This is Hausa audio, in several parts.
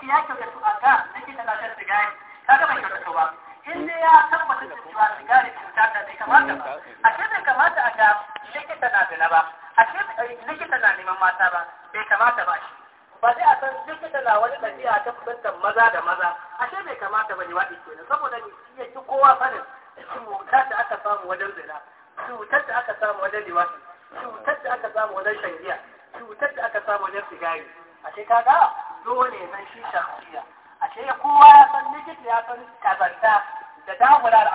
ce ya kyautatu a ga na ke talatar sigari kaga bai kyautatu ba in dai ya tabbata da cewa sigari cuta ta bai kamata ba a ce bai kamata a ga likita na zina ba a ce likita na neman mata ba bai kamata ba shi ba sai a san likita na wani ɗabi'a ta kusantar maza da maza a ce bai kamata ba liwaɗi kenan saboda ni ya ki kowa sanin cutar da aka samu wajen zina cutar da aka samu wajen liwaɗi cutar da aka samu wajen shan cutar da aka samu wajen sigari a ce kaga dole ya san shi a ashe kowa ya san likita ya san kazanta da dagula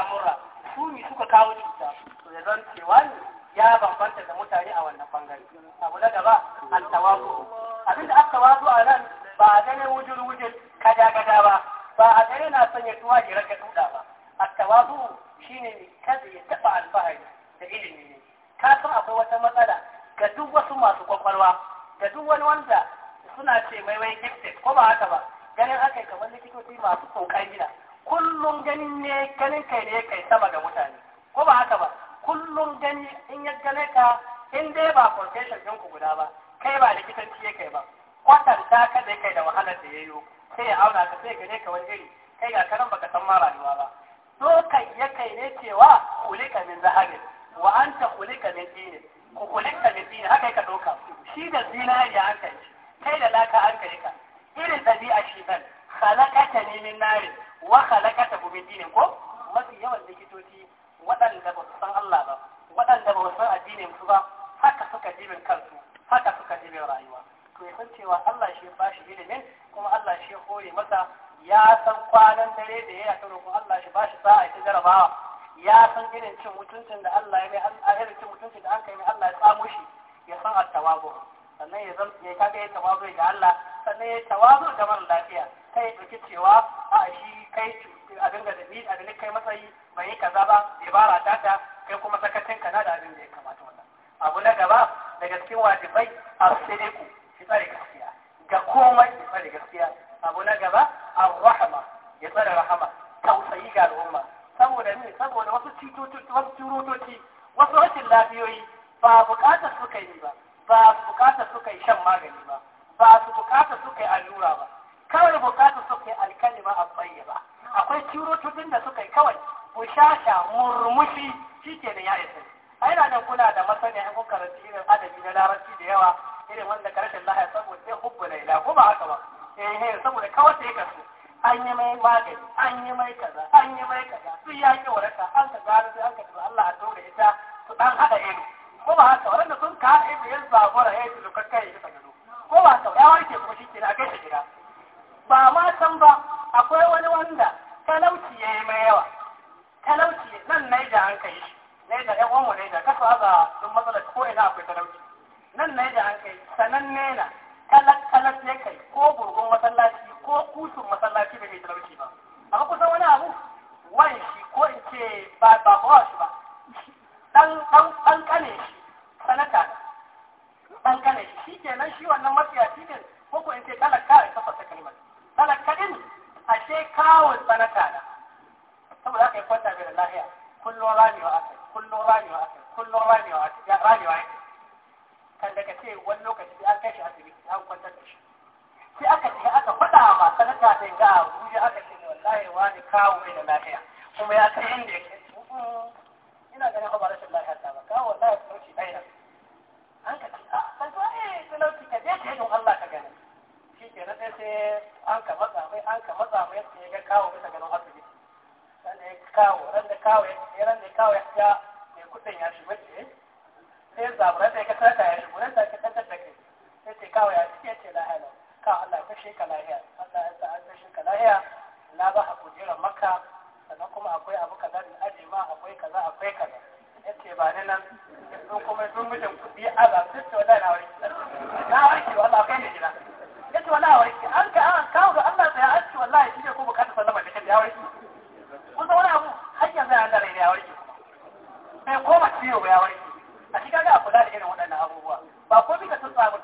haka ba ganin aka yi kamar likitoci masu kokari gina kullum ganin ne ganin kai ne kai sama da mutane ko ba haka ba kullum gani in ya gane ka in dai ba confession ɗinku guda ba kai ba likitanci ya kai ba kwatanta ka da kai da wahalar da ya yi sai ya auna ka sai gane ka wani iri A tabi'a shaitan khalaqata ni min nari wa khalaqata bu min dinin ko mafi yawan likitoci waɗanda ba su san Allah ba waɗanda ba su san addinin su ba haka suka jibin kansu haka suka jibin rayuwa to ya san cewa Allah shi ba shi ilimin kuma Allah shi hore masa ya san kwanan dare da ya yi ko Allah shi ba shi sa'a ta jarabawa ya san irin cin mutuncin da Allah ya mai irin cin mutuncin da an kai mai Allah ya tsamo shi ya san at-tawabu sannan ya zama ya kaga ya tawazu ga Allah sannan ya tawazu ga mara lafiya kai yi ɗauki cewa a shi kai dinga da ni a dinga kai matsayi bai yi kaza ba ibara ta ta kai kuma sakacin kana da abin da ya kamata wannan abu na gaba daga cikin wajibai a ku shi tsare gaskiya ga komai ki tsare gaskiya abu na gaba a rahama ya tsare rahama tausayi ga al'umma saboda ne saboda wasu cutotoci wasu rashin lafiyoyi ba bukatar suka yi ba ba bukatar suka yi shan magani ba ba su bukata suka yi allura ba kawai bukata suka yi ba a tsaye ba akwai kirotutun da suka yi kawai bushasha murmushi shi ke ya isa a yana nan kuna da masani an kuka da irin adabi na larabci da yawa irin wanda karshen lahaya saboda sai hubbu laila ko ba haka ba eh, eh saboda kawai sai ka so an yi mai magani an yi mai kaza an yi mai kaza su ya ke waraka an ka gano sai an ka tafi Allah a dole ita su dan haɗa ido ko ba haka wanda sun kawo haɗa ido yanzu a gora ya yi lokacin kai ya gano ko ba ka ya warke kuma shi kenan a kai gida ba ma san ba akwai wani wanda talauci ya yi mai yawa talauci nan na yi da an kai na da ɗan uwanmu na yi da kasa ga duk matsalar ko ina akwai talauci nan na yi da an kai sananne na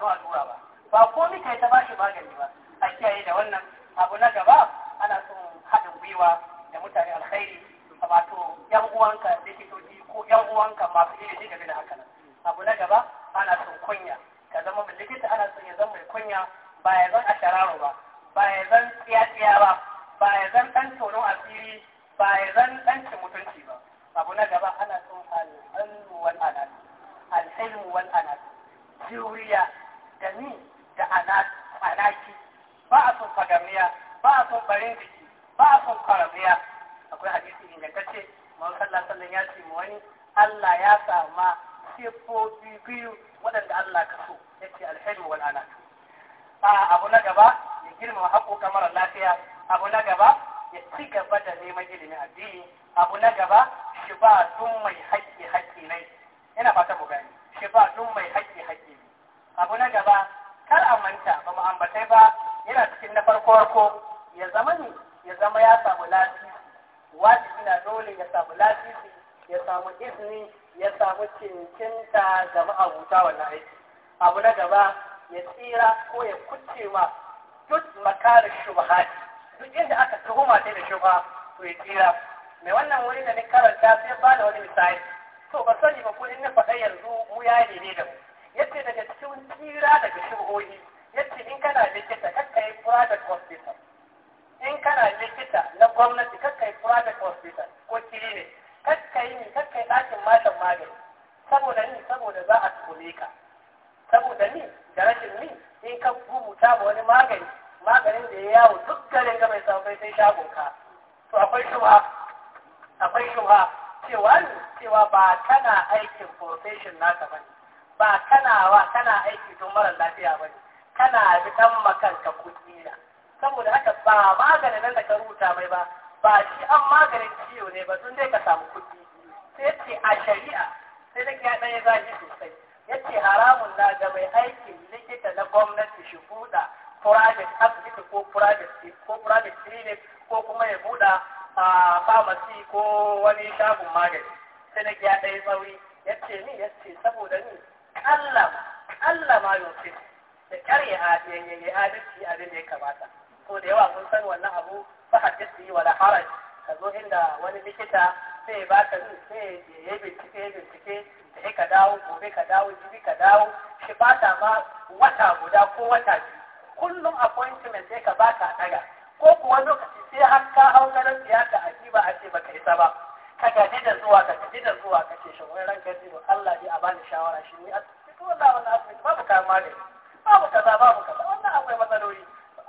allura ba ba ko mika ta bashi magani ba a kiyaye da wannan abu na gaba ana son haɗin gwiwa da mutane alkhairi wato yan uwanka likitoci ko yan uwanka masu ilimi game da haka abu na gaba ana son kunya ka zama mai likita ana son ya zama mai kunya ba ya zan ashararo ba ba ya zan tsiyatsiya ba ba ya zan ɗan tono asiri ba ya zan ɗan mutunci ba abu na gaba ana son al'ilmu wal anas al'ilmu wal anas juriya da ni da anaki ba a son fagamiya ba a son barin biki ba a son kwarabiya akwai hadisi ingantacce ce sallah sallan ya ce wani Allah ya sama siffofi biyu waɗanda Allah ka so ya ce wani anaki A abu na gaba ya girmama haƙo kamar lafiya abu na gaba ya ci gaba da neman ilimin addini abu na gaba shi ba sun mai haƙƙi haƙƙi nai ina fata mu gani shi ba sun mai haƙƙi haƙƙi abu na gaba kar a manta ba mu ambatai ba yana cikin na farko farko ya zama ne ya zama ya samu lafiya wajibi na dole ya samu lafiya ya samu izini ya samu cincinta ga ma'abuta wannan aiki abu na gaba ya tsira ko ya kuce ma duk makarin shubhati duk inda aka tuhuma sai da shubha to ya tsira mai wannan wuri da ni karanta sai ba da wani misali to ba sani ba ko in na faɗa yanzu mu yayi ne da mu yace daga cikin tsira daga shubhohi yace in kana likita kakka yi private hospital in kana likita na gwamnati kakka yi private hospital ko clinic kakka yi kakka yi ɗakin matan magani saboda ni saboda za a tsone ka saboda ni da rashin ni in ka rubuta ma wani magani maganin da ya yawo duk garin ga mai saukai sai shagon ka to akwai shuwa akwai shubha cewa cewa ba kana aikin profession naka bane ba kana wa kana aiki don mara lafiya ba ne kana bidan makanka kuɗi na saboda haka ba maganin nan da ka rubuta mai ba ba shi an maganin ciwo ne ba tun dai ka samu kuɗi sai ce a shari'a sai da ya ɗaya zafi sosai yace haramun na ga mai aikin likita na gwamnati shi buɗa private asibiti ko private ko private clinic ko kuma ya buɗa a pharmacy ko wani shagon magani sai da ya ɗaya sauri. ya ce ni ya saboda ni kalla kalla ma yosin da kyar ya adalci abin da ya kamata so da yawa kun san wannan abu ba hadisi wala haraj ka zo inda wani likita sai ba ka sai ya bincike ya bincike da ya ka dawo gobe ka dawo jibi ka dawo shi ba ta ma wata guda ko wata biyu kullum appointment sai ka ba ka daga ko kuwa lokaci sai har ka hau garin siyasa a ba a ce baka isa ba ka gaji da zuwa ka gaji da zuwa ka ce shin wai ranka ji Allah dai a bani shawara shi ne a cikin wallahi wannan asibiti babu kayan magani babu kaza babu kaza wannan akwai matsaloli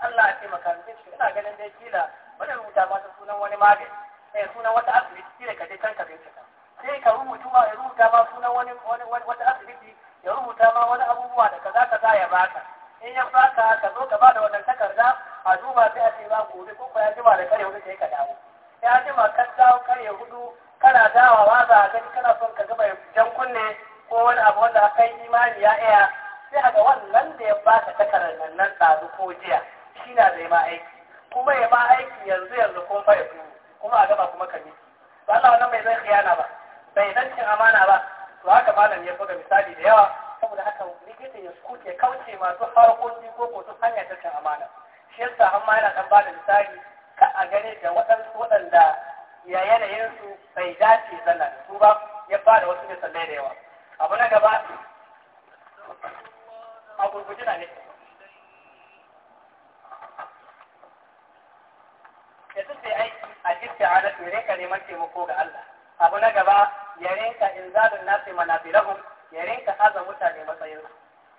Allah ya taimaka ni shi ina ganin dai kila wani rubuta mata sunan wani magani eh sunan wata asibiti kila ka je kan ka bincika sai ka rubuta ma ya rubuta ma sunan wani wata asibiti ya rubuta ma wani abubuwa da kaza kaza ya baka in ya baka ka zo ka ba da wannan takarda a duba sai a ce ba gobe ko ya jima da kare wani sai ka dawo ya ji ma kan dawo karya hudu kana dawawa za a gani kana son ka gama jan kunne ko wani abu wanda aka yi imani ya iya sai a ga wannan da ya ba ka takarar nan nan ko jiya shi na zai ma aiki kuma ya ma aiki yanzu yanzu ko fa ya kuma a gaba kuma ka miki Ba Allah wannan bai zai khiyana ba bai zan cin amana ba to haka malam ya buga misali da yawa saboda haka likita ya kuke kauce masu harkoki ko ko su hanyar ta cin amana shi yasa amma yana dan ba da misali ka a gane da waɗansu waɗanda ya yanayinsu bai dace zana da su ba ya ba da wasu misalai da yawa abu na gaba a gurguji na ne ya su sai aiki a jirka halatu ya rinka neman taimako ga Allah abu na gaba ya rinka inzalin nasi manafirahum ya rinka haza mutane matsayinsu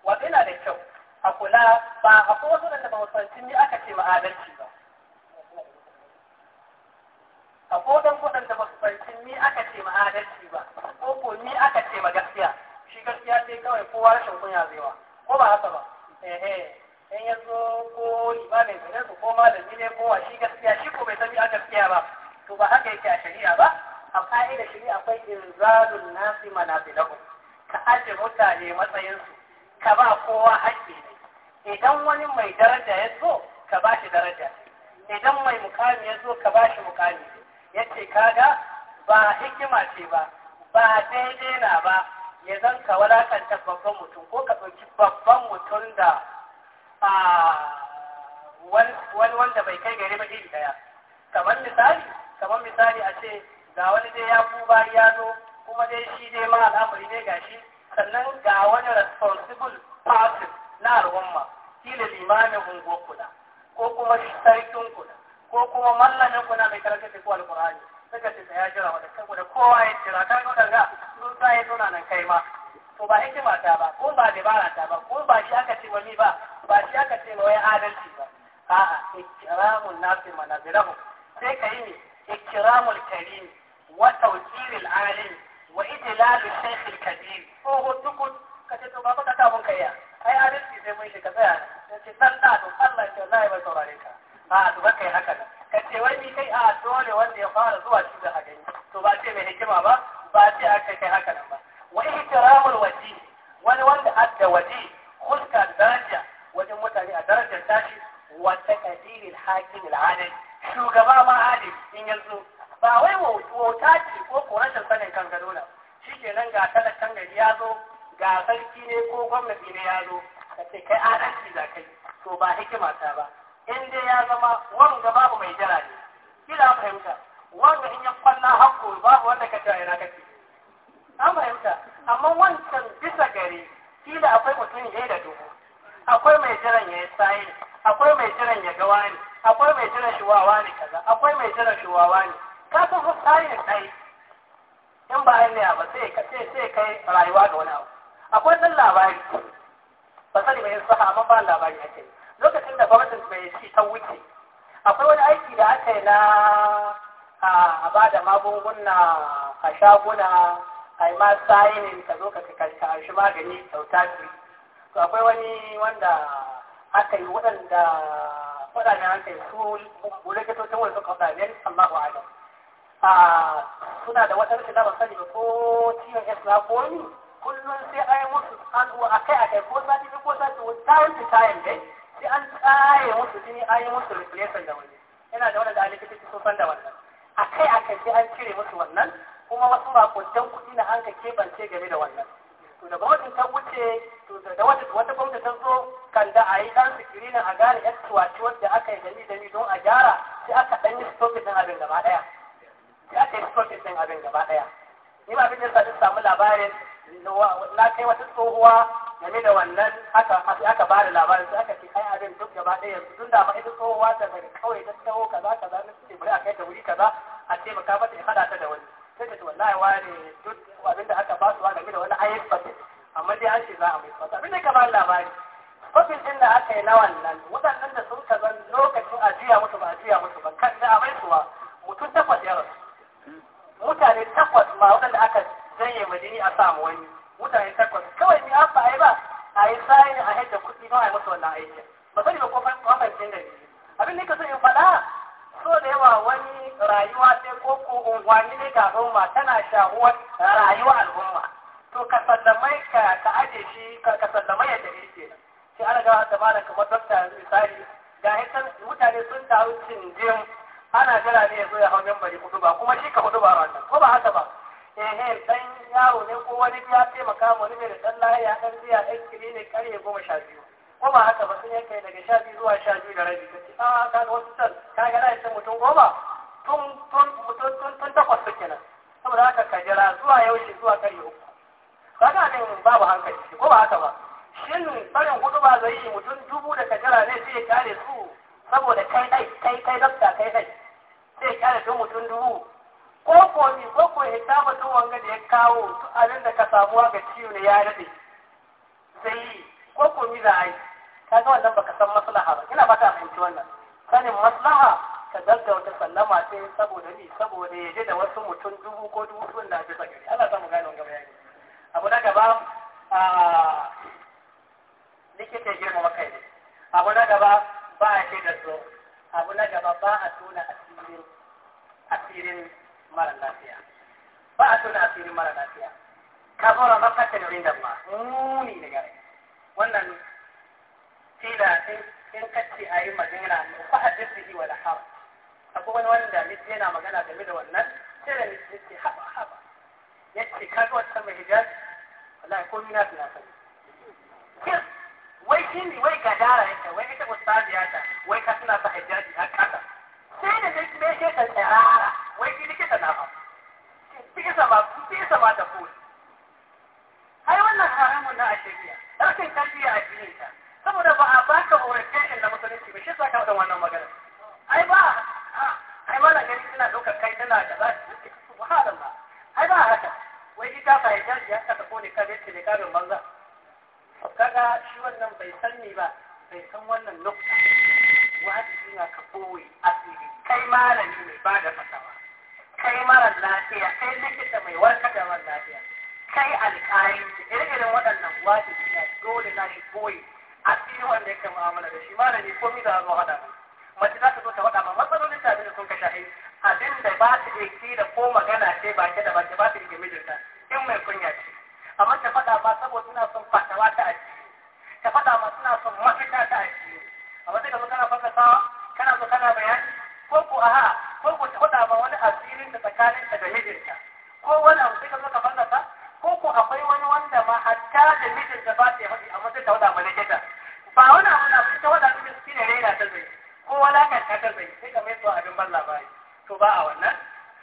wato yana da kyau a kula ba a kowace da ba wasu aka ce ma'adalci a kodan waɗanda da su fahimci ni aka ce ma ba ko ko ni aka ce ma gaskiya shi gaskiya sai kawai kowa rashin kunya zaiwa ko ba haka ba Ehe. Eh. in ya zo ko imamin gare su ko malami ne ko shi gaskiya shi ko bai san a gaskiya ba to ba haka yake a shari'a ba a ka'idar shari'a akwai inzalun nasi manazilahu ka aje mutane matsayinsu ka ba kowa haƙƙi ne idan wani mai daraja ya zo ka ba shi daraja idan mai mukami ya zo ka ba shi mukami ya ce kaga ba hikima ce ba ba daidai na ba ya zan ka walakanta babban mutum ko ka ɗauki babban mutum da wani wanda bai kai gari ba iri daya kamar misali kamar misali a ce ga wani dai ya buba ya zo kuma dai shi dai ma al'amari ne ga shi sannan ga wani responsible person na al'umma kila limamin unguwar kuɗa ko kuma sarkin kula. ko kuma mallamin ku na mai karanta ku alkur'ani daga ce ya jira wanda saboda kowa ya jira ka ga daga sun sa ya zauna nan kai ma to ba hikima ta ba ko ba dabara ta ba ko ba shi aka ce wani ba ba shi aka ce ya adalci ba a'a ikramun nafi manazirahu sai ka yi ne ikramul karim wa tawjiril alim wa idlalul shaykh al kabir ko hutukun ka ce to ba ka ta mun kai ai adalci sai mun shi ka tsaya sai ce da to Allah ya zai bai saurare ka a to kai haka Ka ce, wai ni kai a ah, dole wanda ya fara zuwa shi a gani to ba ce mai hikima ba ba ce aka kai haka nan ba wa ihtiramul waji wani wanda adda waji hulka daraja wajen mutane a darajar tashi wa taqdiril hakim al adil shugaba ma adil in yanzu ba wai wauta ce ko ko sanin kan gado shikenan ga talakan gari ya zo ga sarki ne ko gwamnati ne ya zo ka ce kai adalci za kai to ba hikima ta ba in dai ya zama wanga babu mai jira ne kila fahimta wanda in ya kwalla hakko babu wanda ka tare na kake an fahimta amma wancan bisa gari kila akwai mutum ya da dubu akwai mai jiran ya yi sayi akwai mai jiran ya ga wani akwai mai jiran shuwawa ne kaza akwai mai jiran shuwawa ne ka san su sayi ne sayi in ba ne ba sai ka sai sai kai rayuwa ga wani abu akwai dan labari ba sani mai saha amma ba labari ake yi da gwamnatin bai ci ta wuce akwai wani aiki da aka yi na a ba da magunguna a shaguna a yi ma sayinin ka zo ka shi magani kyauta ce to akwai wani wanda aka yi waɗanda waɗanda aka yi su wani suka a suna da wata rikin ban sani ko ciwon ya suna kullum sai a yi musu an a kai ko sati ko sati ta wuce tayin dai sai an tsaye musu jini an yi musu replacement da wani yana da wani da alifin sun san da wannan a akai akai sai an cire musu wannan kuma wasu makontan kuɗi na an ka keɓance game da wannan to da gwamnatin ta wuce to da wata wata gwamnati ta zo kan da a yi ɗan sikirin a gane yan tuwaci wanda aka yi dami dami don a gyara sai aka ɗan yi stopin ɗin abin gaba ɗaya sai aka yi stopin ɗin abin gaba ɗaya ni ma abin da samu labarin na kai wata tsohuwa game da wannan aka aka ba da labarin sai aka ce ai abin duk gaba ɗaya yanzu tun da ma ita tsohuwa ta daga kawai ta tsawo kaza kaza na suke bari a kai ta wuri kaza a ce maka mata ya haɗa ta da wani sai ta ce wallahi wani duk abin da aka ba su game da wani ayyukan ba amma dai an ce za a mai fata abin da ka ba labari kofin din da aka yi na wannan waɗannan da sun kaza lokacin a juya musu ba a juya musu ba kan da a mai suwa mutum takwas ya mutane takwas ma waɗanda aka janye madini a samu wani mutane takwas kawai yi tsayin a hajjar kuɗi don a yi masa wannan aikin ba sani ba ko fahimcin da ne abin da ka so in faɗa so da yawa wani rayuwa sai ko ko unguwanni ne ga al'umma tana shahuwar rayuwa al'umma to ka sallamai ka ka aje shi ka sallamai yadda yake shi ana ga da malam kamar dokta misali ga hikan mutane sun taru cinjin ana jira ne ya zo ya hau membari hudu ba kuma shi ka hudu ba ranar ko ba haka ba ehe eh, dan yaro ne ko wani ya taimaka ma wani mai da dan lahiya dan jiya dan karye goma sha biyu ko ba haka ba sun yanka daga sha biyu zuwa sha biyu da rabi ce a ah, ka ga wasu san ka ga na mutum goma tun tun mutum tun tun takwas suke nan saboda haka ka jira zuwa yaushe zuwa karye uku ba ka nan babu hankali ko ba haka ba shin barin hudu ba zai yi mutum dubu da jira ne sai ya kare su saboda kai dai kai kai dafta kai dai sai ya kare su mutum dubu ko ko ni ko ko ya ta wanga da ya kawo abin da ka samuwa ga ciwo ne ya daɗe kama saboda ni saboda ya je da wasu mutum dubu ko dubu sun na bisa tsakiri Allah samu gane wanga bayani abu na gaba a likita ya girma makai ne abu na gaba ba a ce da so abu na gaba ba a tona asirin asirin mara lafiya ba a tona asirin mara lafiya kabura makasin da ma muni da gare wannan tila in kacce a yi magana ba a jirgi wa da akwai wani wanda nake yana magana game da wannan sai da nake nake haba haba yace ka ga wannan mai hijabi wallahi ko mina tana sani wai kindi wai gadara yake wai ita ustadiya ta wai ka suna sa hijabi har kasa sai da nake me ke kan tsara wai kindi ke na ba kike sama kike sama ta ko ai wannan haramun na a shari'a ɗaukin tarbiyya a cikin ta saboda ba a baka horon da musulunci ba shi sa ka wannan magana ai ba ai mana gani suna ɗaukar kai tana da za su suke su wahalar ma ai ba haka wai ji ta fahimta ya kasa ko ne ka zai ne karin banza kaga shi wannan bai san ni ba bai san wannan nukta wajibi na ka koyi asiri kai malami mai ba da fasawa kai marar lafiya kai likita mai warkar da marar lafiya kai alƙari irin waɗannan wajibi na dole na shi koyi asiri wanda ya kama amala da shi malami ko mi da zo hada mu mace za ka zo ka faɗa ma matsalolin ta da sun ka shahi abin da ba ta iya da ko magana ce ba ke da ba ta ba ta iya mijinta in mai kunya ce amma ta faɗa ba saboda suna son fatawa ta addini ta faɗa ma suna son mafita ta addini amma sai ka zo kana fasasawa kana zo kana bayani ko ko aha ko ko ta faɗa ma wani asirin da tsakaninta da mijinta ko wani abu sai ka zo ka fasasa ko ko akwai wani wanda ma hatta da mijinta ba ta yi faɗi amma sai ta faɗa ma likita to ba a wannan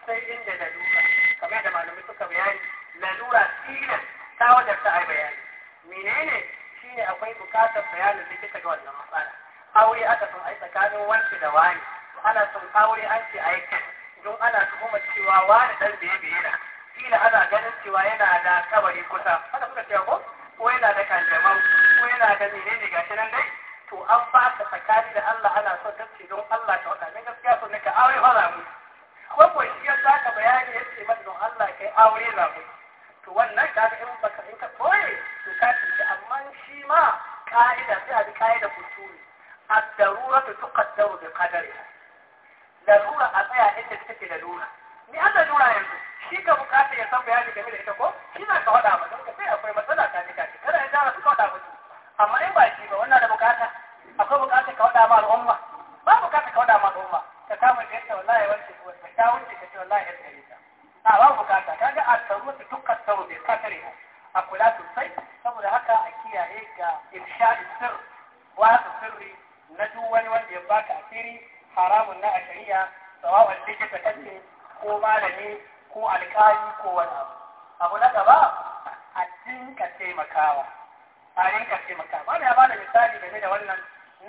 sai inda lalura kamar da malamai suka bayani lalura tilas ta wajarta a bayani menene shine akwai bukatar bayanin likita ga wannan matsala aure aka sun ai tsakanin wanci da wani ana sun aure an ce a don ana tuhumar cewa wani dan da ya bayyana kila ana ganin cewa yana da kabari kusa haka suka cewa ko oh, ko yana da kanjamau ko yana da menene gashi nan dai to an ba ka tsakani da Allah ana son tace don Allah ta wata gaskiya so nika aure za الحتة ملوش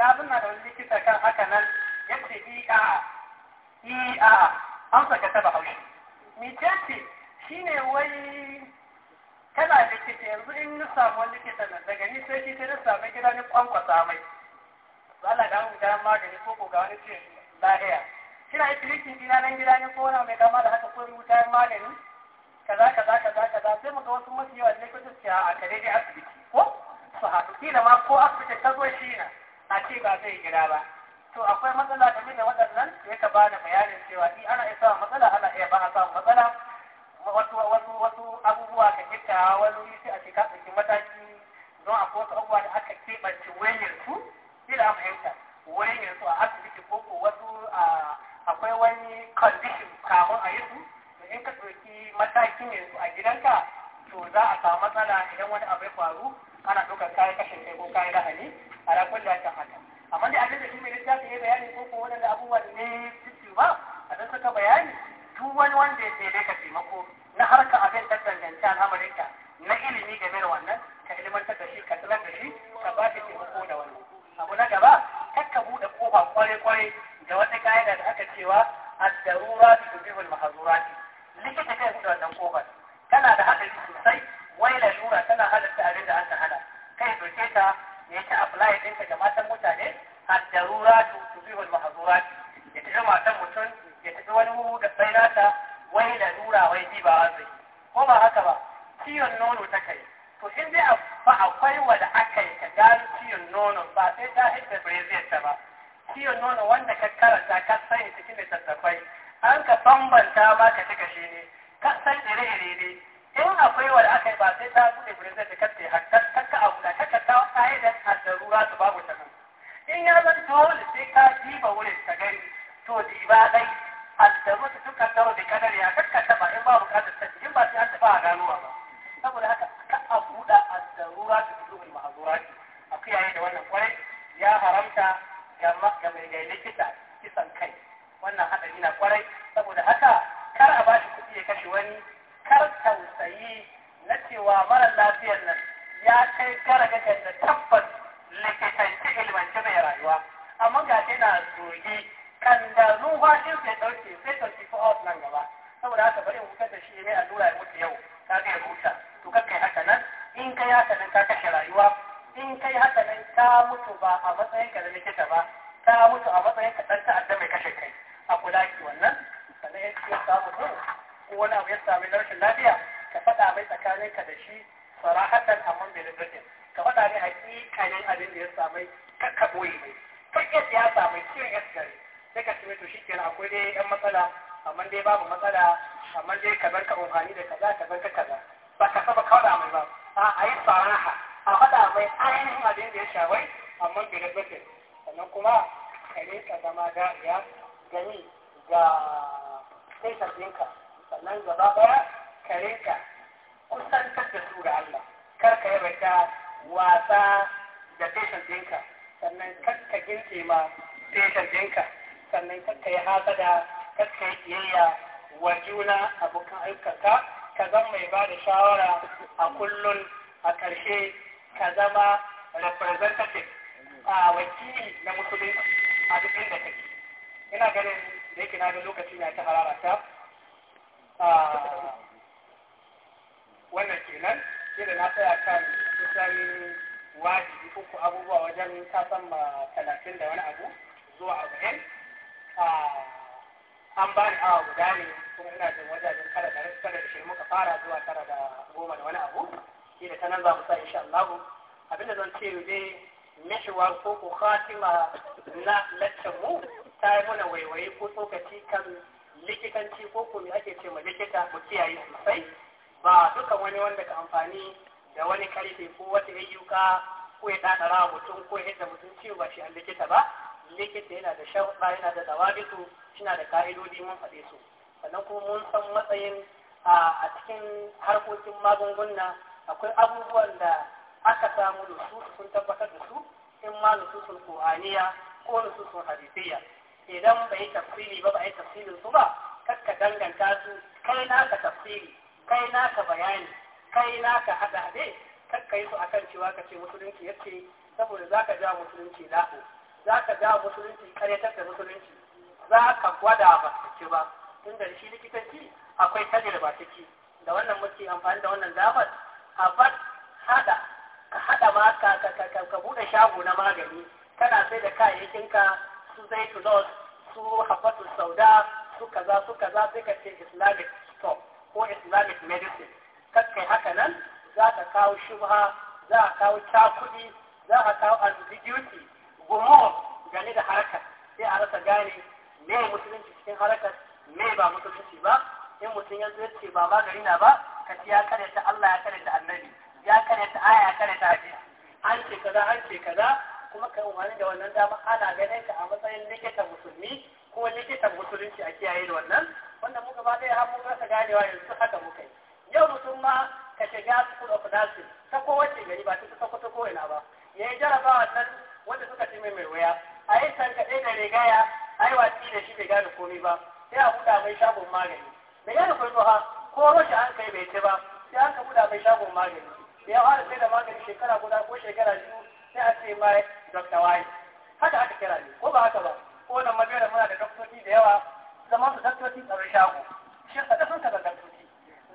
abin da wani likita kan haka nan yadda e e ce a i an saka ta ba haushi mijeti shi ne wai kana likita yanzu in yi samu likita nan daga ni sai ki sai samu gida ni kwankwa samai, zala da mu gaya magani ko ko ga wani ce lahiya kina yi filikin gina nan gida ni ko wani mai kama da haka ko rubuta magani kaza kaza kaza kaza sai mu ga wasu masu yawa ne ko su ce a kare dai asibiti ko su haɗu kila ma ko asibiti ta zo shi na a ce ba zai gida ba to akwai matsala game da waɗannan da ta ba da bayanin cewa ni ana iya samun matsala ana iya ba a samun matsala wasu abubuwa ka kitta wani sai a ce ka mataki don a wasu abubuwa da aka keɓance wurin yanzu ila an fahimta yanzu a asibiti ko ko wasu akwai wani condition kamun a yi su to in ka ɗauki matakin yanzu a gidanka to za a samu matsala idan wani abu ya faru ana ɗaukar kayan kashin kai ko kayan lahani ala kulli ta haka amma da abin da shi mai littafi yi bayani ko ko wadanda abubuwa da ne cikin ba a dan saka bayani duk wani wanda ya sai ka taimako na harka abin da danganta al'amarin na ilimi game da wannan ka ilimanta da shi ka sanar da shi ka ba shi taimako da wannan abu na gaba ka buɗe kofa kwarai-kwarai da wata ka'ida da aka cewa ad-darura tudhibul mahzurat likita kai da wannan kofar tana da haɗari sosai wai lalura tana halatta abin da aka hana kai doke ta da yake apply ɗinta ga matan mutane har ad-daruratu tubihu al-mahzurat ya tafi matan mutum ya tafi wani wuri da sai nata wai larura wai ji ba arziki ko ba haka ba ciyon nono ta kai to in dai ba akwai wanda aka yi ka gano ciyon nono ba sai ta hidda brazil ta ba ciyon nono wanda ka karanta ka sani cikin littattafai an ka bambanta ma ka ci kashe ne ka san ire-ire ne in akwai wanda aka yi ba sai ta bude gure zai ta kace hakkar kakka abu da kakka ta kaidan addarura su babu ta in ya zan dole sai ka diba wurin ta gani to diba dai addaru ta duka daro da kadar ya kakka ba in ba bukatar ta jikin ba sai an taba a ganowa ba saboda haka ka buɗa da su duka ma'azura a kiyaye da wannan kwarai ya haramta ga mai gaile kisa kisan kai wannan haɗari na kwarai saboda haka kar a bashi kuɗi ya kashe wani cikar sayi na cewa mara lafiyar nan ya kai garagajen da tabbas likitanci ilmanci mai rayuwa amma ga shi na zogi kan da shi sai ɗauke sai 24 hours nan gaba saboda haka bari mu da shi ne allura ya mutu yau ka ga ya huta to kai haka nan in kai haka nan ka kashe rayuwa in kai haka nan ka mutu ba a matsayin ka da likita ba ka mutu a matsayin ka ɗan ta'adda mai kashe kai a kula ki wannan sannan ya ce samu ko wani abu ya sami rashin lafiya ka faɗa mai tsakanin ka da shi sarahatan amma bai da dukkan ka faɗa mai hakikanin abin da ya sami kakka boye ne kakkes ya sami kiran ya gari sai ka cimeto to shi kenan akwai dai yan matsala amma dai babu matsala amma dai ka bar ka amfani da kaza ka bar ka kaza ba ka saba kawai mai ba a yi saraha a faɗa mai ainihin abin da ya shawai amma bai da dukkan sannan kuma ka ka zama gari ya gani ga kai ka sannan gaba daya ka rinka da tura Allah kar ka yawaita wasa da patient ɗinka sannan kar ka ma patient ɗinka sannan kar yi hasada kar ka yi wa juna abokan aikanka ka zama mai ba da shawara a kullun a ƙarshe ka zama representative a wakili na musulunci a duk inda kake ina ganin da yake na ga lokaci na ta hararata Ah, wannan kenan da na tsaya kan kusan wajibi uku abubuwa wajen kasan ma talatin da wani abu zuwa arba'in ah, an ba ni awa guda ne kuma ina jin wajajen tara da tara da shirin muka fara zuwa tara da goma da wani abu shi da ta nan za mu sa insha Allah abinda zan ce dai mihwar ko ko khatima na laccan ta yi mana waiwaye ko tsokaci kan likitanci ko ko ake ce ma likita mu kiyaye sosai ba duka wani wanda ka amfani da wani karfe ko wata ayyuka ko ya dadara mutum ko yadda mutum ciwo ba shi likita ba likita yana da sharuɗa yana da dawabitu yana da ka'idodi mun faɗe su sannan kuma mun san matsayin a cikin harkokin magunguna akwai abubuwan da aka samu da su sun tabbatar da su in ma nususul qur'aniya ko nususul hadisiyya idan bai tafsiri ba ba tafsirin su ba kakka danganta su kai naka tafsiri kai naka bayani kai naka hada hade kakka yi su akan cewa ka ce musulunci yace saboda za ka jawo musulunci za ka jawo musulunci karyatar da musulunci za ka gwada ba su ci ba da shi likitanci akwai tajriba bataki da wannan muke amfani da wannan zamar a bar hada ka hada ma ka ka ka shago na magani kana sai da kayayyakinka su zai to su habbatul sauda su kaza su kaza sai ka ce islamic stop ko islamic medicine kakkai haka nan za ka kawo shubha za ka kawo cakudi za ka kawo ambiguity gumo game da harakar sai a rasa gane me musulunci cikin harakar me ba musulunci ba in mutum ya zo ce ba magani na ba ka ci ya karyata Allah ya karyata annabi ya karyata aya ya karyata hadisi an ce kaza an ce kaza kuma kai umarni da wannan dama ana ganin ka a matsayin likitan musulmi ko likitan musulunci a kiyaye da wannan wanda muka ba ɗaya har mun rasa ganewa yanzu haka muka yi yau mutum ma ka shiga school of nursing ta wacce gari ba ta ta ko ina ba ya yi jarabawa nan wanda suka ci mai waya a yi ɗaya da rigaya a yi wasi da shi bai gane komai ba sai a buɗa mai shagon magani bai gane komai ba ko roshi an kai bai ci ba sai an ka buɗa mai shagon magani ya fara sai da magani shekara guda ko shekara biyu sai a ce mai dr wani haka aka kira ne ko ba haka ba ko nan magana muna da doktoci da yawa zaman su doktoci tsaron shago shi ka sun ka doktoci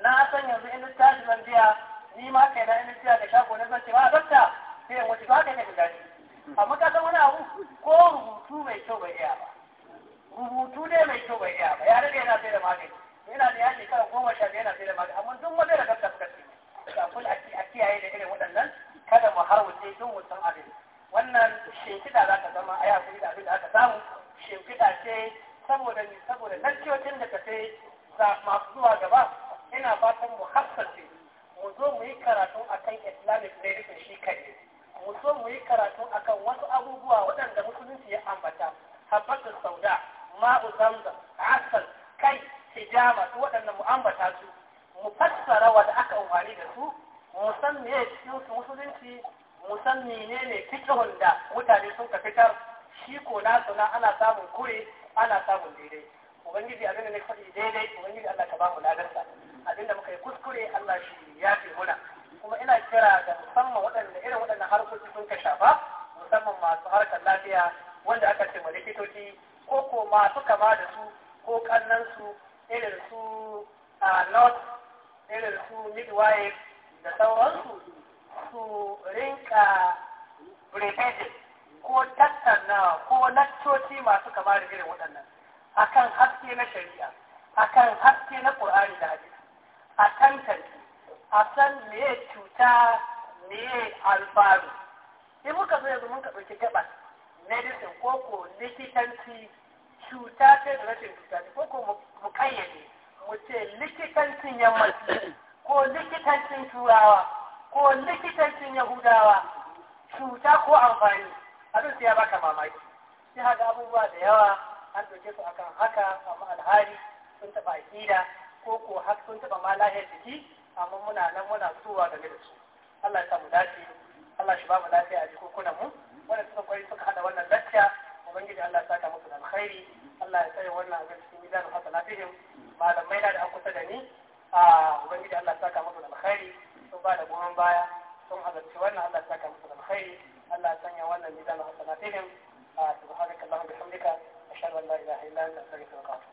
na san yanzu in littafi zan biya ni ma kai na in littafi da shago na zan ce ba dokta sai in wuce ba kai ne guda amma ka san wani abu ko rubutu mai kyau bai iya ba rubutu ne mai kyau bai iya ba ya rage yana sai da magani yana da yaki shekara goma sha biyar yana sai da magani medicine ko ko likitanci cuta ce da rashin cuta ko ko mu kayyade mu ce likitancin yammaci ko likitancin turawa ko likitancin yahudawa cuta ko amfani abin sai ya baka mamaki sai haka abubuwa da yawa an doke su akan haka amma alhari sun taɓa aƙida ko ko har sun taɓa ma lahiyar jiki amma muna nan muna zuwa game da su Allah ya samu dace Allah shi ba mu lafiya a jikukunan mu wanda suka kwari suka hada wannan lacca ubangiji Allah ya saka musu da alkhairi Allah ya tsaya wannan abin cikin mizanin hasanatihim malamai na da an kusa da ni a ubangiji Allah ya saka musu da alkhairi sun ba da goyon baya sun halarci wannan Allah ya saka musu da alkhairi Allah ya sanya wannan mizanin hasanatihim سبحانك اللهم وبحمدك أشهد أن لا إله إلا أنت أستغفرك وأتوب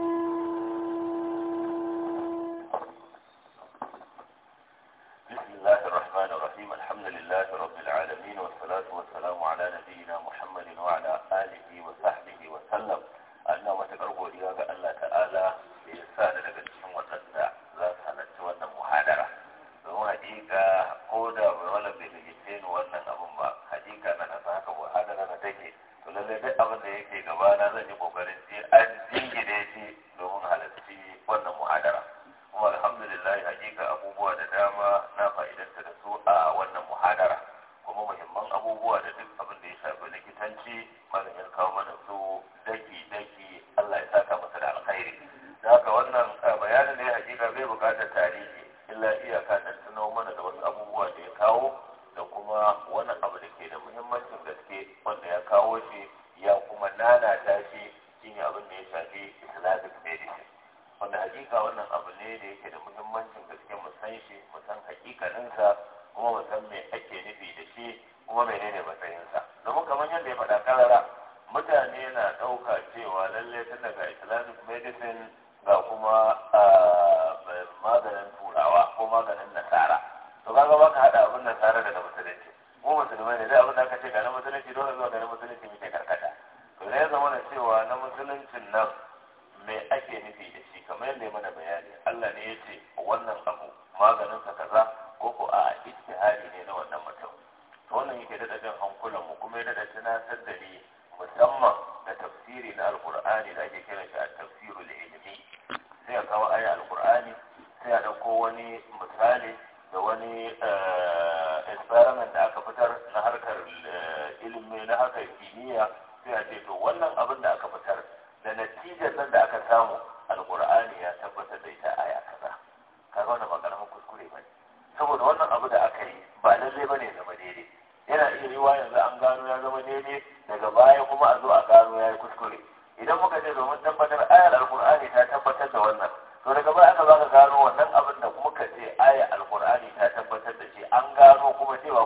إليك الحمد لله رب العالمين والصلاة والسلام على نبينا محمد وعلى آله وصحبه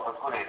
kúkúrè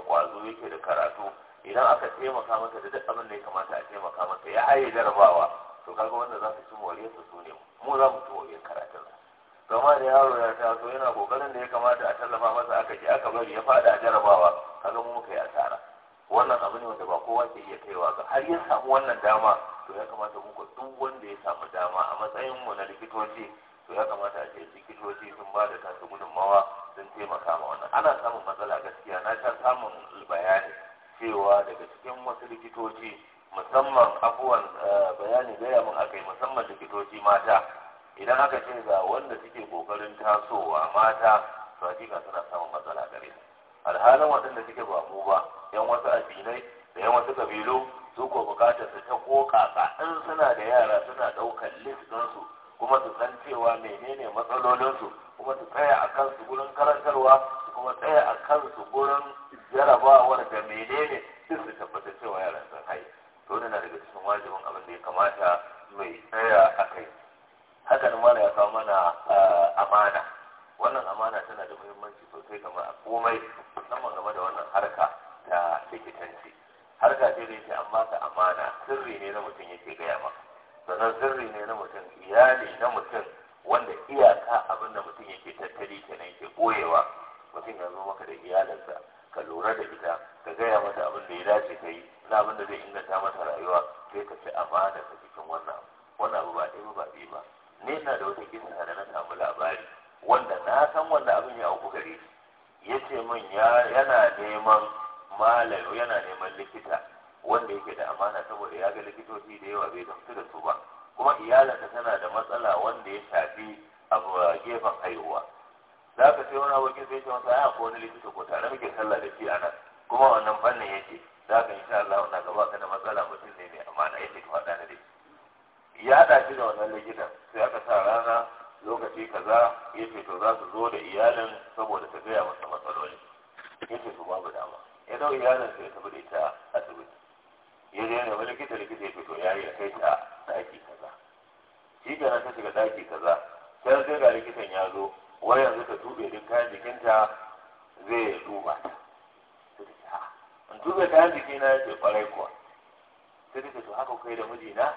da kwazo yake da karatu idan aka taimaka mata da duk abin da ya kamata a taimaka masa ya haye jarabawa to kaga wanda za su ci moriyar su ne mu za mu ci moriyar karatun zama da yaro ya taso yana kokarin da ya kamata a tallafa masa aka ji aka bari ya fada a jarabawa kaga mu muka yi asara wannan abu ne wanda ba kowa ke iya kaiwa ga har ya samu wannan dama to ya kamata mu muku duk wanda ya samu dama a matsayin mu na likitoci to ya kamata a ce likitoci sun ba da tasu gudunmawa sun taimaka ma wannan ana samun matsala gaskiya na ta samun bayani cewa daga cikin wasu likitoci musamman abubuwan eh, bayani gaya mun kai musamman likitoci mata idan aka ce ga wanda suke kokarin tasowa mata to hakika suna samun matsala gare su alhalin waɗanda suke ba mu ba yan wasu addinai da yan wasu kabilu su ko bukatar su ta kaka in suna da yara suna ɗaukar lis ɗinsu kuma su san cewa menene matsalolinsu kuma su tsaya a kansu gurin karantarwa su kuma tsaya a kansu gurin jarabawar da menene duk su tabbata cewa yaran sun hai to na daga cikin wajibin abin da ya kamata mai tsaya a kai haka nan mana ya kawo mana amana wannan amana tana da muhimmanci sosai kamar a komai musamman game da wannan harka ta likitanci harka ce da yake amma ta amana sirri ne na mutum yake gaya maka sannan sirri ne na mutum iyali na mutum wanda iyaka abin da mutum yake tattali kenan ke boyewa mutum ya zo maka da iyalinsa ka lura da ita ka gaya mata abin da ya dace ka yi na abin da zai inganta mata rayuwa sai ka ci amana ta cikin wannan wannan abu ba ɗaya ba biyu ba ne na da wata kisa da na samu labari wanda na san wanda abin ya auku gari shi ya ce min yana neman malami yana neman likita wanda yake da amana saboda ya ga likitoci da yawa bai gamsu da su ba kuma iyalinsa tana da matsala wanda ya shafi a gefen haihuwa za ka sai wani abokin sai ce masa ko wani likita ko tare muke sallah da shi a nan kuma wannan fannin yake za ka insha Allah wannan gaba kana matsala mutum ne mai amana yake ka faɗa da dai. ya haɗa shi da wannan likitan sai aka sa rana lokaci kaza ya ce to za su zo da iyalin saboda ta gaya masa matsaloli ya ce su babu dama ya dau iyalin sai ya tafi da ita asibiti ya je nemi likita likita ya fito ya yi a kai ta ɗaki kaza shi ke nan ta shiga ɗaki kaza sai sai ga likitan ya zo wai yanzu ta tube duk kayan jikinta zai duba ta sai ta ce ah, in tube kayan jikina ya ce kwarai kuwa sai ta ce to haka kai da mijina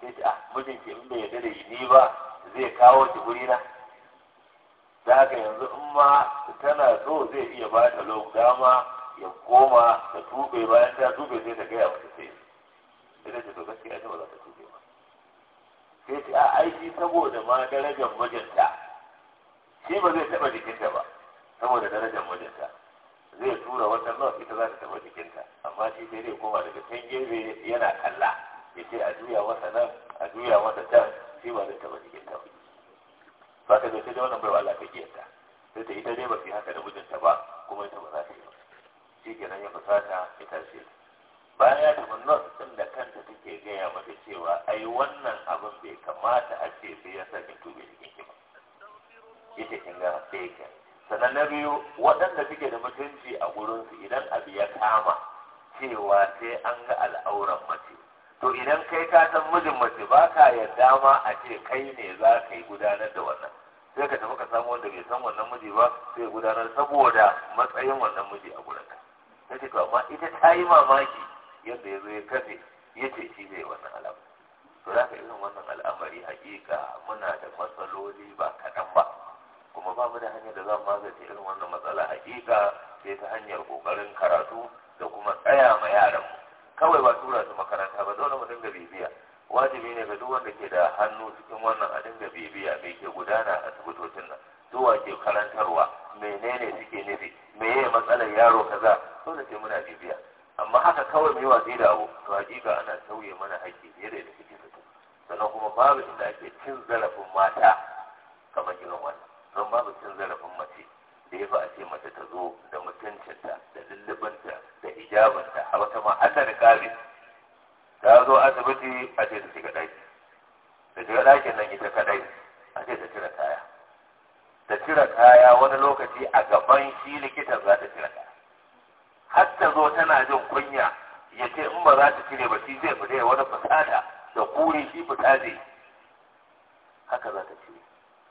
sai ta ah mijin ke in bai yarda da ni ba zai kawo ki gurina da haka yanzu in ma tana so zai iya ba ta dama ya koma ta tuɓe bayan ta tuɓe sai ta gaya wata sai sai ta ce to gaskiya ita ba za ta tuɓe ba sai ta a aiki saboda ma darajar mijinta shi ba zai taɓa jikinta ba saboda darajar mijinta zai tura wata nan ita za ta taɓa jikinta amma shi sai zai koma daga can gefe yana kalla ya ce a juya wata nan a juya wata can shi ba zai taɓa jikinta ba ba ta zai ta da wannan baiwa Allah ta sai ta ita dai ba su yi haka da mijinta ba kuma ita ba za ta yi ba shi kenan ya fusata ya tashi ya da nurse din da kanta take gaya mata cewa ai wannan abin bai kamata a ce sai ya saki tube cikin ki ba ita kin ga sai eh, sannan na biyu waɗanda suke da mutunci a gurinsu idan abu ya kama cewa sai an ga al'auran mace to idan kai ka san mijin mace ba ka yarda ma a ce kai ne za ka yi gudanar da wannan sai ka tafi ka samu wanda bai san wannan miji ba sai gudanar saboda matsayin wannan miji a gurinka na ce amma ita ta yi mamaki yadda ya zo ya kafe ya ce shi zai wannan al'amari to za ka irin wannan al'amari hakika muna da matsaloli ba kaɗan ba kuma ba mu da hanyar da za mu magance irin wannan matsala hakika sai ta hanyar ƙoƙarin karatu da kuma tsaya ma yaran mu kawai ba tura su makaranta ba dole mu dinga bibiya wajibi ne ga duk wanda ke da hannu cikin wannan a dinga bibiya mai ke gudana a asibitocin nan zuwa ke karantarwa menene suke nufi meye matsalar yaro kaza da sai muna bibiya amma haka kawai mai watsi da abu to hakika ana sauye mana haƙƙi fiye da yadda suke fito sannan kuma babu inda ake cin zarafin mata kamar irin wannan don babu cin zarafin mace da ya ba a ce mace ta zo da mutuncinta da lullubanta, da hijabanta a wata ma hada da ta zo asibiti a ce ta shiga ɗaki da shiga ɗakin nan ita kaɗai a ce ta cire kaya da cire kaya wani lokaci a gaban shi likitan za ta cire kaya har ta zo tana jin kunya ya ce in ba za ta cire ba shi zai fita wani fasada da kuri shi fita zai haka za ta cire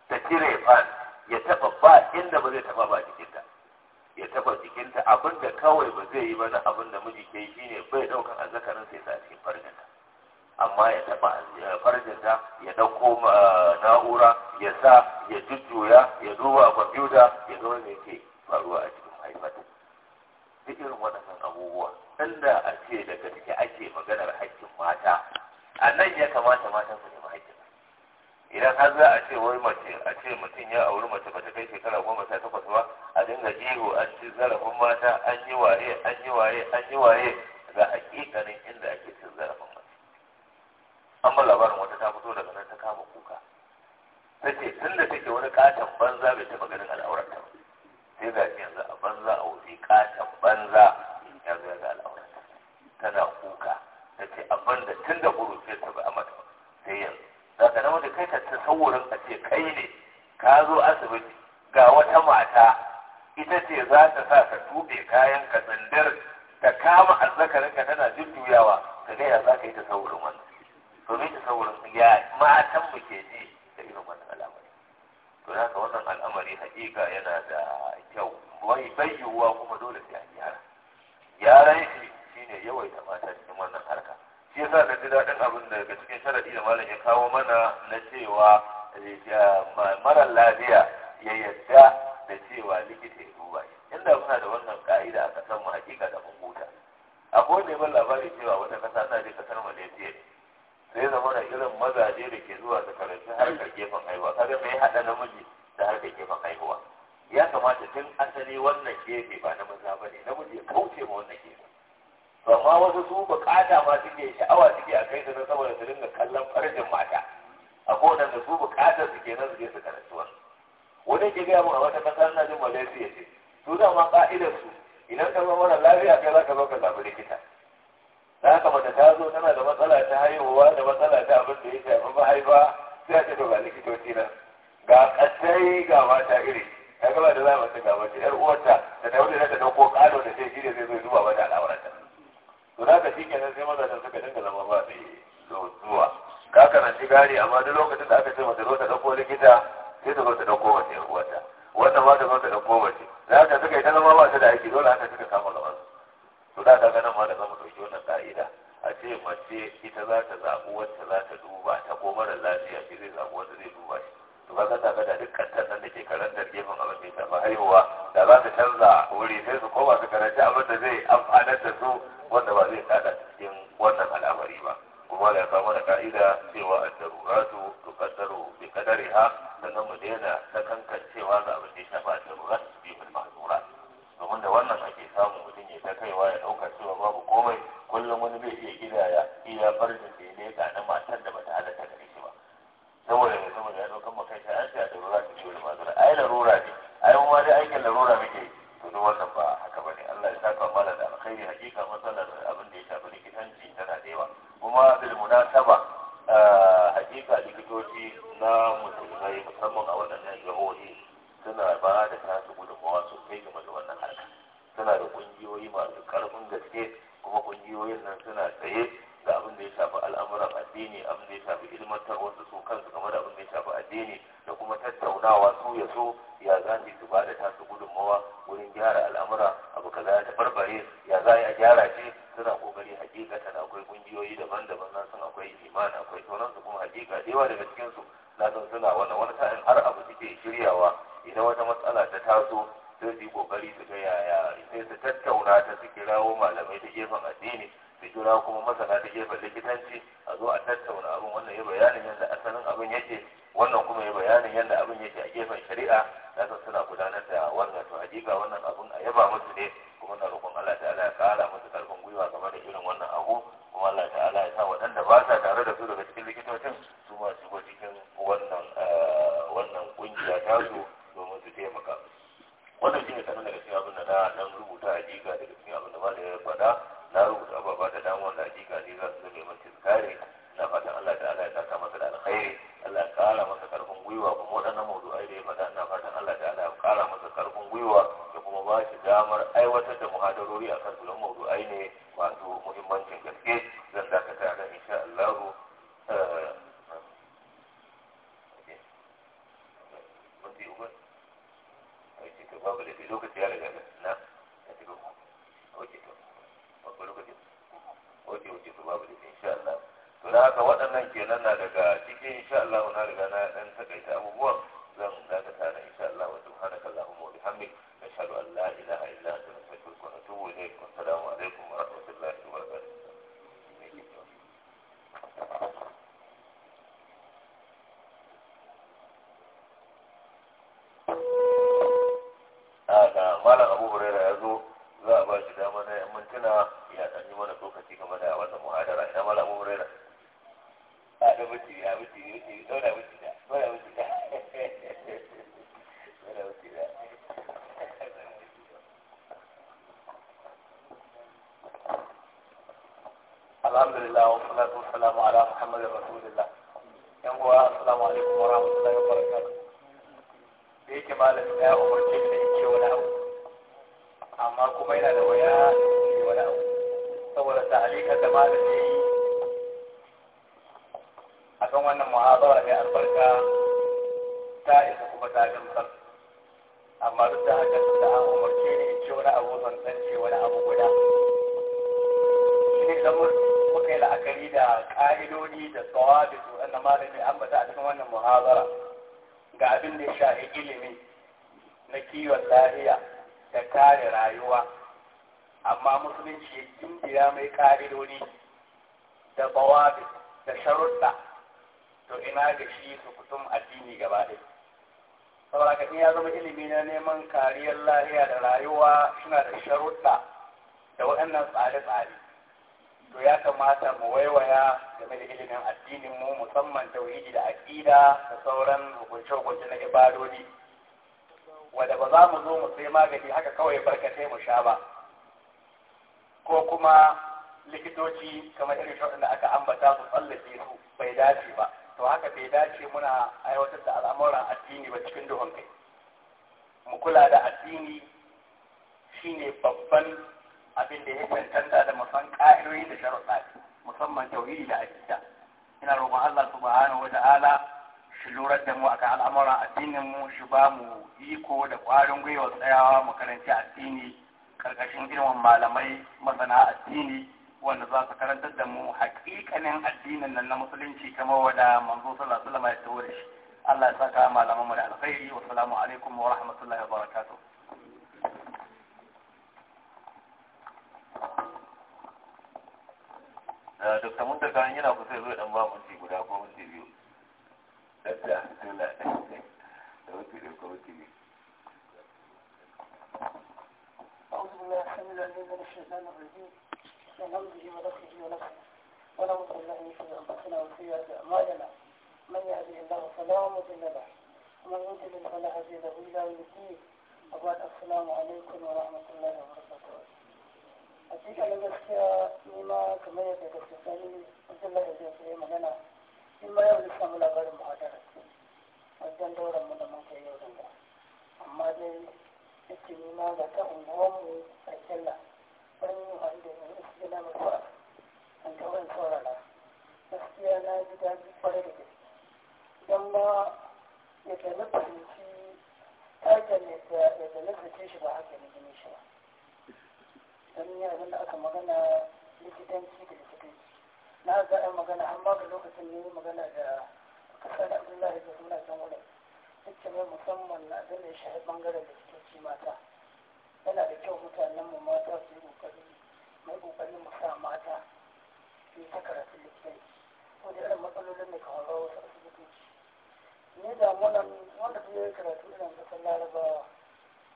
ta cire fan ya taba ba inda ba zai taba ba jikinta ya taba jikinta abinda kawai ba zai yi ba na abinda miji ke yi shine bai daukan azzakarin sai ta cikin farjinta amma ya taba farjinta ya dauko eh, na'ura ya sa ya jujjuya ya duba a kwamfuta ya zo ne ke faruwa a cikin haifar duk irin waɗannan abubuwa inda a ce daga ciki ake maganar haƙƙin mata a nan ya kamata matan su nemi haƙƙin idan har za a ce wai mace a ce mutum ya auri mace bata kai shekara goma sha takwas ba a dinga jiho an ci zarafin mata an yi waye an yi waye an yi waye ga hakikanin inda ake cin zarafin mace an ba labarin wata ta fito daga nan ta kama kuka ta ce tun da take wani katon banza bai taɓa ganin al'aurata ba sai ga yanzu a banza a wuce katon banza ya zo ya ga al'aurata tana kuka ta ce abin da tun da sai ta ba a mata sai yanzu za ka da kai ta tasawurin a ce kai ne ka zo asibiti ga wata mata ita ce za ta sa ka tuɓe kayan ka sandar ta kama ka tana jujjuyawa ka gaya za ka yi tasawurin wannan domin tasawurin ya matan mu ke ji da irin wannan al'amari to haka wannan al'amari yana da kyau wai bayyuwa kuma dole sai an gyara gyaran shi shine yawaita mata cikin wannan harka shi yasa ka ji daɗin abin da daga cikin sharadi da malam ya kawo mana na cewa eh, mara lafiya ya yarda da cewa likita ya duba inda muna da wannan ka'ida a kasar mu haƙiƙa da mun huta akwai wanda ya labari cewa wata ƙasa ta je kasar malaysia sai zama da irin mazaje da ke zuwa su karanci harkar gefen haihuwa kaga mai haɗa namiji da harkar gefen haihuwa ya kamata tun asali wannan gefe ba na maza ba ne namiji ya kauce ma wannan gefe to amma wasu su bukata ma suke sha'awa suke a kai na saboda su dinga kallon farjin mata a kowane da su bukatar su nan su je su karanci wasu wani ke gaya mun a wata kasa na jin malaysia ce su zama ka'idar su idan ka zama mara lafiya kai za ka zo ka zaɓi likita da haka mace ta zo tana da matsala ta haihuwa da matsala ta abin da ya shafi mahaifa sai ta ce to ga likitoci nan ga kasai ga mata iri ya gaba da za mace ga mace yar uwarta da ta wuce ta dauko kado da sai shi zai zo zuwa ba da al'aurata to da haka shi kenan sai mazajen suka dinga zama ba da zuwa ka karanci gari amma duk lokacin da aka ce mace zo ta dauko likita sai ta zo ta dauko mace yar uwarta wannan ma ta zo ta dauko mace da haka suka yi ta zama ba ta da aiki dole haka suka kama gaban su to da kaga nan ma da zamu dauki wannan ka'ida a ce mace ita za ta zaɓi wacce za ta duba ta ko mara lafiya shi zai zaɓi wanda zai duba shi to kaga ta ga da dukkan tantan da ke karantar gefen abin da ya fi haihuwa da za ta canza wuri sai su koma su karanci abin da zai amfanar da su wanda ba zai tsada cikin wannan al'amari ba kuma da kawo da ka'ida cewa ad-daruratu tuqaddaru bi qadariha sannan mu daina ta cewa ga abin da ya shafa ad-darurat bi al domin da wannan amma duk da haka da an umarce ni in ce wani abu zan san ce wani abu guda shi ne muka la'akari da ƙa'idodi da da su wanda malami an bata a cikin wannan muhabara ga abin da ya shafi ilimi na kiwon lafiya da kare rayuwa amma musulunci ya kimbiya mai ƙa'idodi da tsawa da sharuɗa to ina ga shi su kutum addini gaba ɗaya saboda ka ya zama ilimi na neman kariyar lahiya da rayuwa suna da sharuɗa da waɗannan tsare-tsare to ya kamata mu waiwaya game da ilimin addinin mu musamman tauhidi da aqida da sauran hukunce-hukunce na ibadodi wanda ba za mu zo mu sai magani haka kawai barkatai mu sha ba ko kuma likitoci kamar irin shaɗin da aka ambata su tsallake su bai dace ba to haka bai dace muna aiwatar da al'amuran addini ba cikin duhun kai mu kula da addini shine babban abin da ya cancanta da musan ƙa'idoyi da sharuɗa musamman tauhidi da aqida ina roƙon Allah subhanahu wata'ala shi lura da mu akan al'amuran addinin mu shi ba mu iko da ƙwarin gwiwa tsayawa mu karanci addini karkashin girman malamai masana addini wanda za su karantar da mu hakikanin addinin nan na musulunci kamar wada manzo sallallahu alaihi wasallam ya tawo da shi Allah ya saka malaman mu da alkhairi wa salamu alaikum wa rahmatullahi wa barakatuh Dokta Muntaka yana kusa zai dan ba mutum guda ko mutum biyu. Dokta Abdullah da mutum biyu ko mutum biyu. أعوذ بالله السميع العليم من الشيطان الرجيم من همزه ونفخه ونفخه ونعوذ بالله من شر انفسنا ومن سيئات اعمالنا من يهده الله فلا مضل له ومن يضلل فلا هادي له الا يهديه وبعد السلام عليكم ورحمه الله وبركاته حقيقة na gaskiya ni ma kamar yadda da su sani Abdullahi da zai magana in ma yau da samu labarin muhadara wajen dauran mu da mun kai yau da amma dai ita ni ma ga ta unguwanmu a kyalla wani yin wani da yin iske na mai fara an ta wani saurara gaskiya na ji daji kwarai da gaske ma ya da na fahimci taken da na shi ba haka ni gini shi ba don yi abin da aka magana likitanci da likitanci na ga yan magana an ba lokacin ne magana da kasa da abdullahi da suna can wurin duk mai musamman na abin da ya bangaren likitanci mata yana da kyau mutanen mu mata su yi kokari mai kokari mu sa mata su yi ta karatu likitanci ko da irin matsalolin da kamar ba wasu asibitoci ne da wannan wanda su yi karatu irin kasar larabawa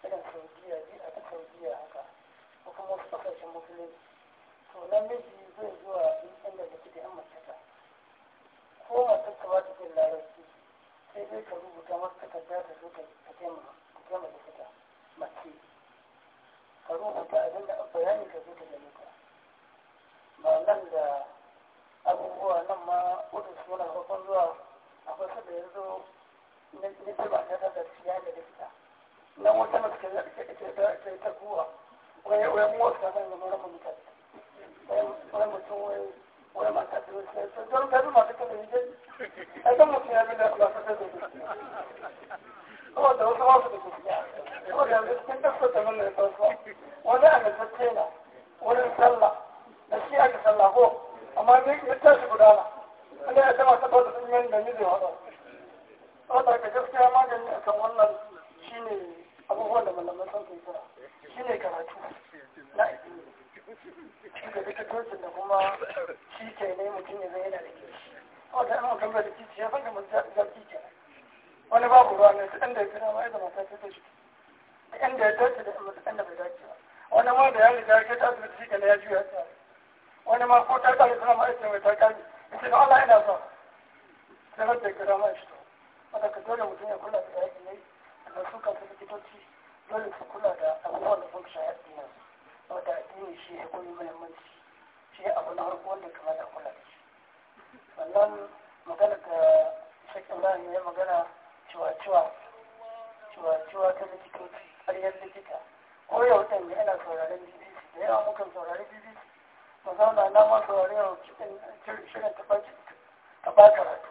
irin saudiya ji a ta saudiya haka ko kuma wasu kasashen musulunci to nan miji zai zuwa inda likita yan mace ta ko mace ta ba ta ke larabci sai dai ka rubuta masa takarda ta zo ta taimaka ta taimaka rubuta abin da bayani ka zo ba nan da abubuwa nan ma wadda su na zuwa a fasa da yanzu na taba ta da da likita nan wata mace ta ta ta kuwa wai wai zama mutane wai mutum wai wai mata ta wuce ta zama ta zama ta ya da ba ta saboda wasu wasu da gaskiya saboda a gaske na sallah shi ko amma ni gudana wanda ya tama tabbata sun yi da ka magani akan wannan shine abubuwan da malaman shine karatu da kuma shi ke ne mutum ya zai yana da kishi saboda an mutum da kishi ya fanga mutum da kishi wani babu ruwa ne su inda ya kira ma da mata ta shi da inda ya dace da inda bai dace ba wani ma da ya riga ya ta asibiti shi kenan ya juya ta wani ma ko ta kare suna ma ita mai ta kare ita da Allah ina son sai wanda ya kira ma shi to wanda ka dole mutum ya kula da yaki ne da su kansu likitoci dole su kula da abubuwan da suka shafi addinin su wanda addini shi ya koyi muhimmanci shi abu na farko wanda kamata kula da shi sannan magana da shakin bayan ya magana ciwa-ciwa ciwa-ciwa ta likitoci ƙaryar likita ko yau ɗin ne ana sauraron bbc da yawa mukan saurari bbc mu zauna na ma saurari yau cikin shirin ta ba karatu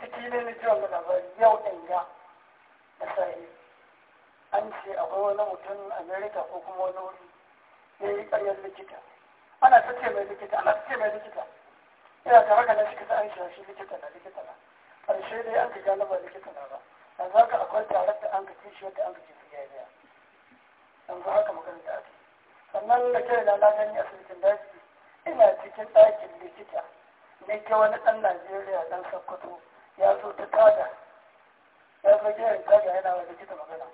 ciki ne na jiran da labari yau ɗin ga da sahi an ce akwai wani mutum america ko kuma wani wuri ya yi ƙaryar likita ana ta ce mai likita ana ta ce mai likita yana tare da na shi kasa an shi likita na likita na ƙarshe dai an ka gane ba likita na ba yanzu haka akwai tarar da an ka ci shi wata an ka ci su gaya biya yanzu haka magana ta ake sannan da kai na gani asibitin daji ina cikin ɗakin likita ne ta wani ɗan najeriya ɗan sokoto ya zo ta tada ya zo jerin tada yana wa likita magana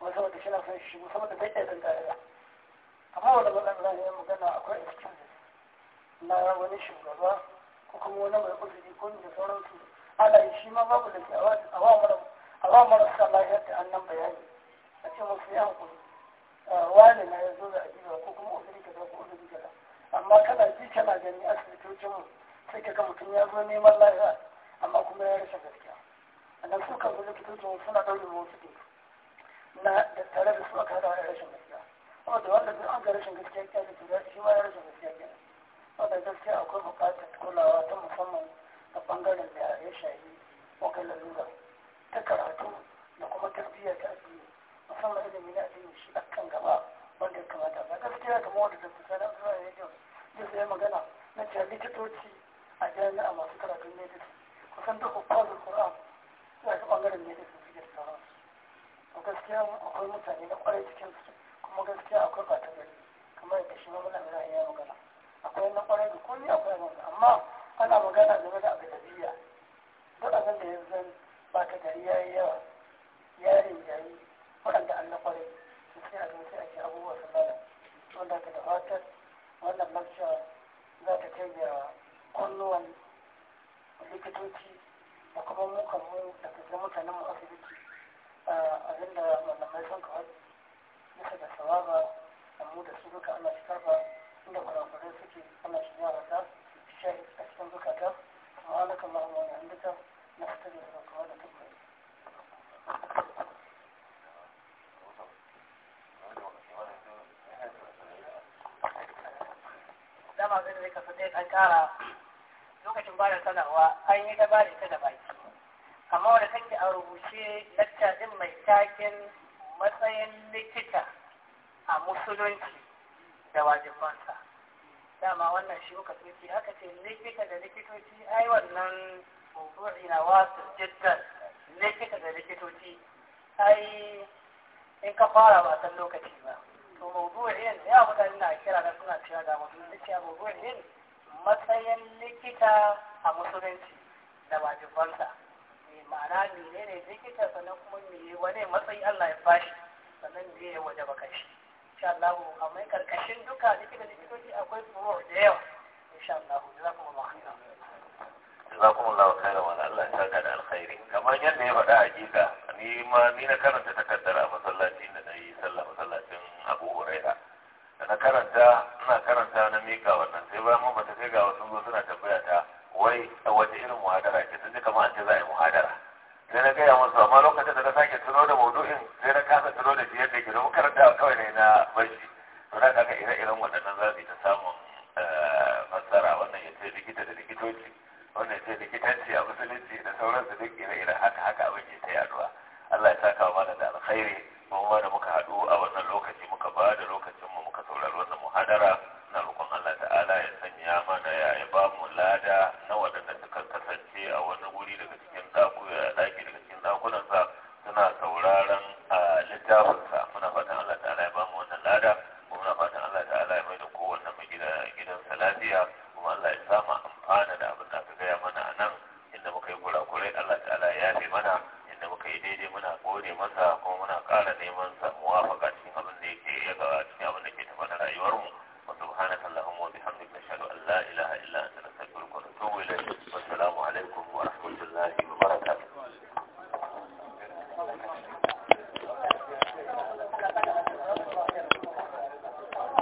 wasu wanda shi na son shi musamman da zai ɗaya ɗan ƙarya amma wani magana ya magana akwai excuse na wani shugaba ko kuma wani mai uzuri ko da sauransu ala shi ma babu da a ba marasa lafiyar ta annan bayani a ce musu yan ku wani na ya zo da ajiya ko kuma uzuri kaza ko uzuri kaza amma kana ji kana gani asibitocin mu sai ka ga mutum ya zo neman lafiya amma kuma ya rasa gaskiya annan su kan likitocin suna ɗaure wasu ne na da tare da su aka hada da rashin gaskiya kuma da wanda an ga rashin gaskiya kyau da shi ma ya rashin gaskiya kyau wanda gaskiya akwai buƙatar kulawa ta musamman a bangaren da ya shahi wakil lalura ta karatu da kuma tarbiyyar ta addini musamman ilimi na addini shi a kan gaba wanda ya kamata ba gaskiya kamar wanda da fita na zuwa rediyo da sai magana na cewa likitoci a jami'a masu karatun medicine kusan duk hukumar qur'an za ta bangaren medicine suke da sauransu to gaskiya akwai mutane na kwarai cikin su kuma gaskiya akwai ba ta gari kamar yadda shi ma muna ya magana akwai na kwarai da komai akwai wanda amma ana magana game da abinabiya duk abinda da ya zan ba ka gari ya yi yawa ya yayi waɗanda an na su ce abin sai ake abubuwa su bada wanda ka da fatar wannan lakca za ta kai ga kunnuwan likitoci da kuma mukan mu da ka zama mutanen mu asibiti abin da mai son kawai bisa da sawaba amma mu da su duka ana shi karba inda kurakurai suke ana shi yawa ta شيء أسكن بك سبحانك اللهم وبحمدك نختم بقول تقبل dama zai da ka fita an kara lokacin ba da sanarwa an yi da ba da ita da baki amma wadda take a rubuce lakta din mai taken matsayin likita a musulunci da wajibansa dama wannan shi muka tsoci aka ce likita da likitoci ai wannan kofi na wasu jiddan likita da likitoci ai in ka fara ba lokaci ba to yin ya mutane na kira da suna cewa ga mutum da matsayin likita a musulunci da wajibansa ma'ana ne ne likita sannan kuma me wane matsayi Allah ya fashi, sannan me ya waje shi. insha Allah amma karkashin duka likita likitoci akwai furo da yawa insha Allah jazakumullahu khairan jazakumullahu khairan wa Allah ya saka da alkhairi kamar yadda ya faɗa hakika ni ma ni na karanta takardar a masallacin da na yi sallah masallacin Abu Huraira da na karanta ina karanta na mika wannan sai bayan mun bata sai ga wasu zo suna tambaya ta wai wace irin muhadara ce sun ji kamar an ce za a yi muhadara sai na gaya musu amma lokacin da na sake tuno da maudu'in sai na kasa tuno da biyar da ke da makaranta kawai ne na bashi to na kaga ire-iren waɗannan za su ta samun eh, fassara wannan ya ce likita da likitoci wannan ya ce likitanci a musulunci da sauransu duk ire-iren haka haka abin ya ta yaduwa Allah ya saka wa mana da alkhairi